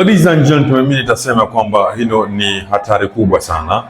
Ladies and gentlemen, mimi nitasema kwamba hilo ni hatari kubwa sana.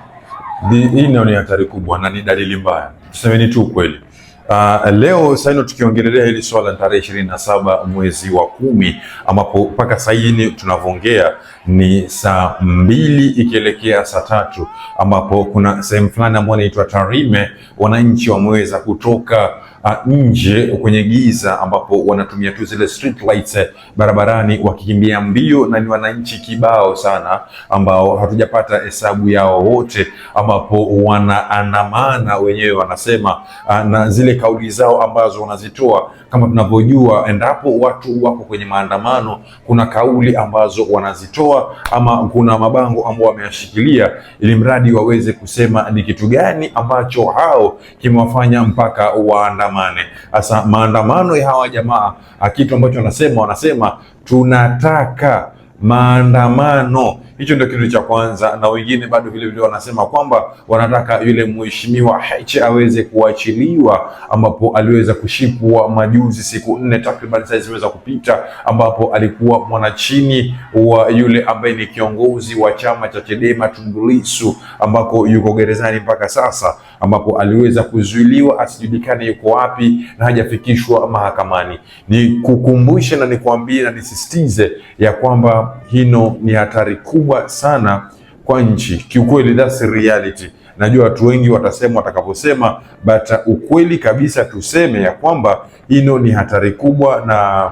Hilo ni hatari kubwa na ni dalili mbaya, tusemeni tu kweli. Uh, ah, leo saino tukiongelelea hili swala tarehe ishirini na saba mwezi wa kumi ambapo mpaka saini tunavyoongea ni saa mbili ikielekea saa tatu ambapo kuna sehemu fulani ambayo inaitwa Tarime wananchi wameweza kutoka Ah, nje kwenye giza ambapo wanatumia tu zile street lights eh, barabarani wakikimbia mbio, na ni wananchi kibao sana ambao hatujapata hesabu yao wote, ambapo wanaandamana wenyewe wanasema ah, na zile kauli zao ambazo wanazitoa kama tunavyojua, endapo watu wako kwenye maandamano, kuna kauli ambazo wanazitoa ama kuna mabango ambao wameyashikilia, ili mradi waweze kusema ni kitu gani ambacho hao kimewafanya mpaka waandamana waandamane. Sasa maandamano ya hawa jamaa, akitu ambacho wanasema wanasema tunataka maandamano Hicho ndio kitu cha kwanza, na wengine bado vile vile wanasema kwamba wanataka yule mheshimiwa Heche aweze kuachiliwa, ambapo aliweza kushikwa majuzi, siku nne takriban sasa zimeweza kupita, ambapo alikuwa mwanachini wa yule ambaye ni kiongozi wa chama cha Chadema Tundu Lissu, ambako yuko gerezani mpaka sasa, ambapo aliweza kuzuiliwa asijulikane yuko wapi na hajafikishwa mahakamani. Nikukumbushe na nikwambie na nisisitize ya kwamba hino ni hatari kubwa kubwa sana kwa nchi kiukweli, that's reality. Najua watu wengi watasema watakaposema, but uh, ukweli kabisa tuseme ya kwamba hino ni hatari kubwa, na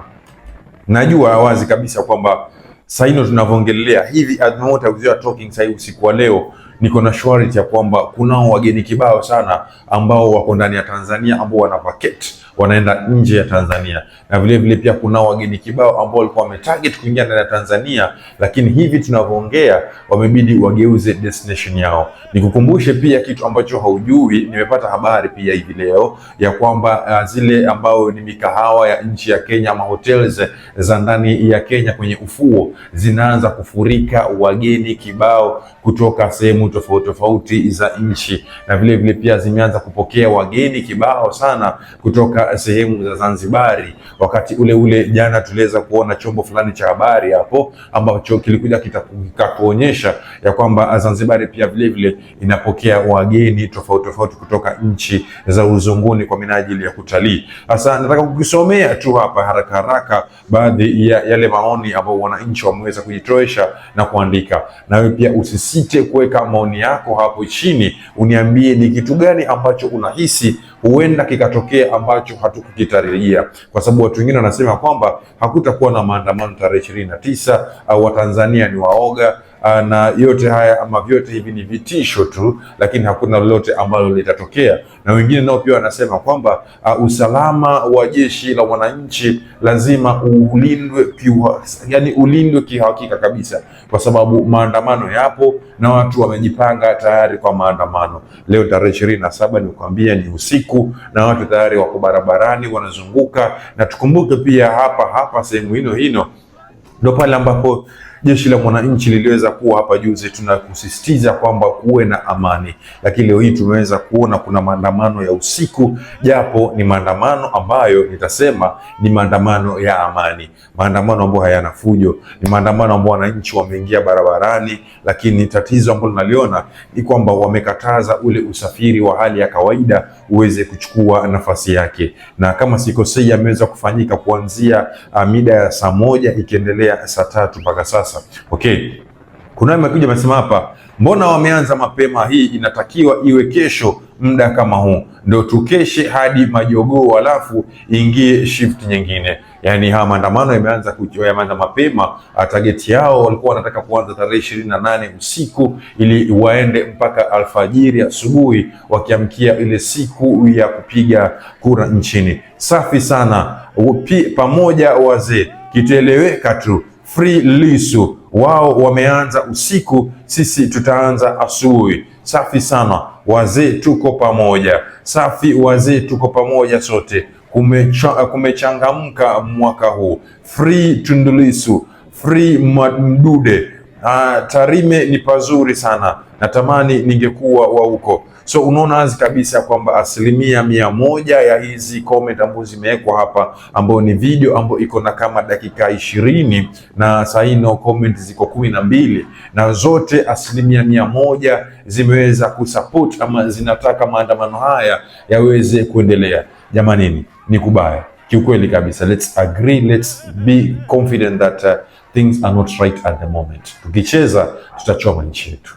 najua wazi kabisa kwamba saino tunavyoongelea hivi at the moment we are talking, sahii usiku wa leo niko na shwari ya kwamba kunao wageni kibao sana ambao wako ndani ya Tanzania ambao wana wanaenda nje ya Tanzania, na vile vile pia kuna wageni kibao ambao walikuwa wametarget kuingia ndani ya Tanzania, lakini hivi tunavyoongea wamebidi wageuze destination yao. Nikukumbushe pia kitu ambacho haujui, nimepata habari pia hivi leo ya kwamba uh, zile ambayo ni mikahawa ya nchi ya Kenya ama hotels za ndani ya Kenya kwenye ufuo zinaanza kufurika wageni kibao kutoka sehemu tofauti tofauti za nchi, na vile vile pia zimeanza kupokea wageni kibao sana kutoka sehemu za Zanzibari. Wakati ule ule jana tuliweza kuona chombo fulani cha habari hapo ambacho kilikuja kikakuonyesha ya kwamba Zanzibari pia vilevile inapokea wageni tofauti tofauti kutoka nchi za uzunguni kwa minajili ya kutalii. Sasa nataka kukisomea tu hapa haraka haraka baadhi ya yale maoni ambayo wananchi wameweza kujitoesha na kuandika. Nawe pia usisite kuweka maoni yako hapo chini, uniambie ni kitu gani ambacho unahisi huenda kikatokea ambacho hatukukitarajia, kwa sababu watu wengine wanasema kwamba hakutakuwa na maandamano tarehe ishirini na tisa au Watanzania ni waoga Ah, na yote haya ama vyote hivi ni vitisho tu, lakini hakuna lolote ambalo litatokea. Na wengine nao pia wanasema kwamba uh, usalama wa jeshi la wananchi lazima ulindwe kiwa, yani ulindwe kihakika kabisa, kwa sababu maandamano yapo na watu wamejipanga tayari kwa maandamano. Leo tarehe ishirini na saba nikuambia ni usiku, na watu tayari wako barabarani wanazunguka, na tukumbuke pia hapa hapa sehemu hino hino ndo pale ambapo Jeshi la Mwananchi liliweza kuwa hapa juzi, tunakusisitiza kwamba kuwe na amani, lakini leo hii tumeweza kuona kuna maandamano ya usiku, japo ni maandamano ambayo nitasema ni maandamano ya amani, maandamano ambayo hayana fujo, ni maandamano ambayo wananchi wameingia barabarani, lakini tatizo ambalo naliona ni kwamba wamekataza ule usafiri wa hali ya kawaida uweze kuchukua nafasi yake, na kama sikosei, ameweza kufanyika kuanzia ah, mida ya saa moja ikiendelea saa tatu mpaka sasa sasa. Okay, kuna amekuja amesema hapa, mbona wameanza mapema? Hii inatakiwa iwe kesho muda kama huu, ndio tukeshe hadi majogoo, alafu ingie shift nyingine. Yani haya maandamano yameanza yameanza mapema. Ah, Tageti yao walikuwa wanataka kuanza tarehe ishirini na nane usiku ili waende mpaka alfajiri asubuhi, wakiamkia ile siku ya kupiga kura nchini. Safi sana, pamoja wazee, kitaeleweka tu. Free Lisu, wao wameanza usiku, sisi tutaanza asubuhi. Safi sana wazee, tuko pamoja. Safi wazee, tuko pamoja sote. Kumecha, kumechangamka mwaka huu. Free Tundulisu, free Mdude Uh, Tarime ni pazuri sana, natamani ningekuwa wa huko. So unaona wazi kabisa kwamba asilimia mia moja ya hizi comment ambazo zimewekwa hapa, ambayo ni video ambayo iko na kama dakika ishirini na saino comment ziko kumi na mbili na zote asilimia mia moja zimeweza kusupport ama zinataka maandamano haya yaweze kuendelea. Jamanini, ni kubaya kiukweli kabisa. Let's agree, let's be confident that uh, things are not right at the moment. Tukicheza tutachoma nchi yetu.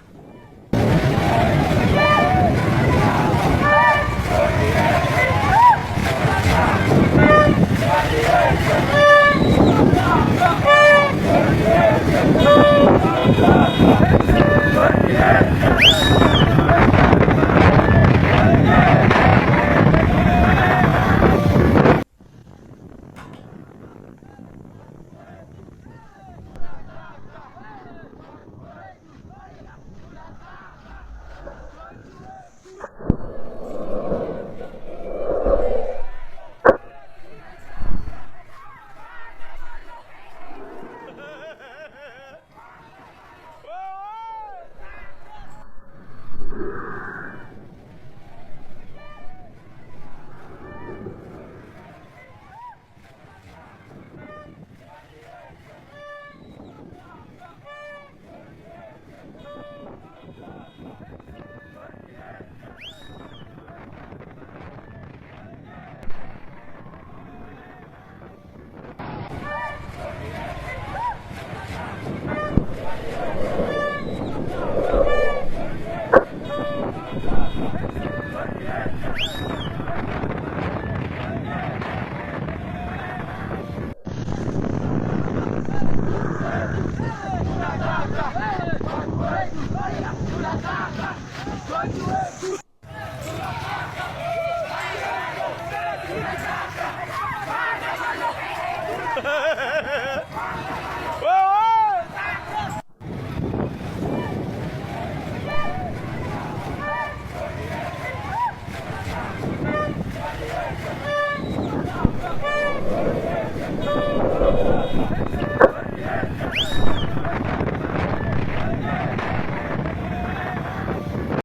Kaçın!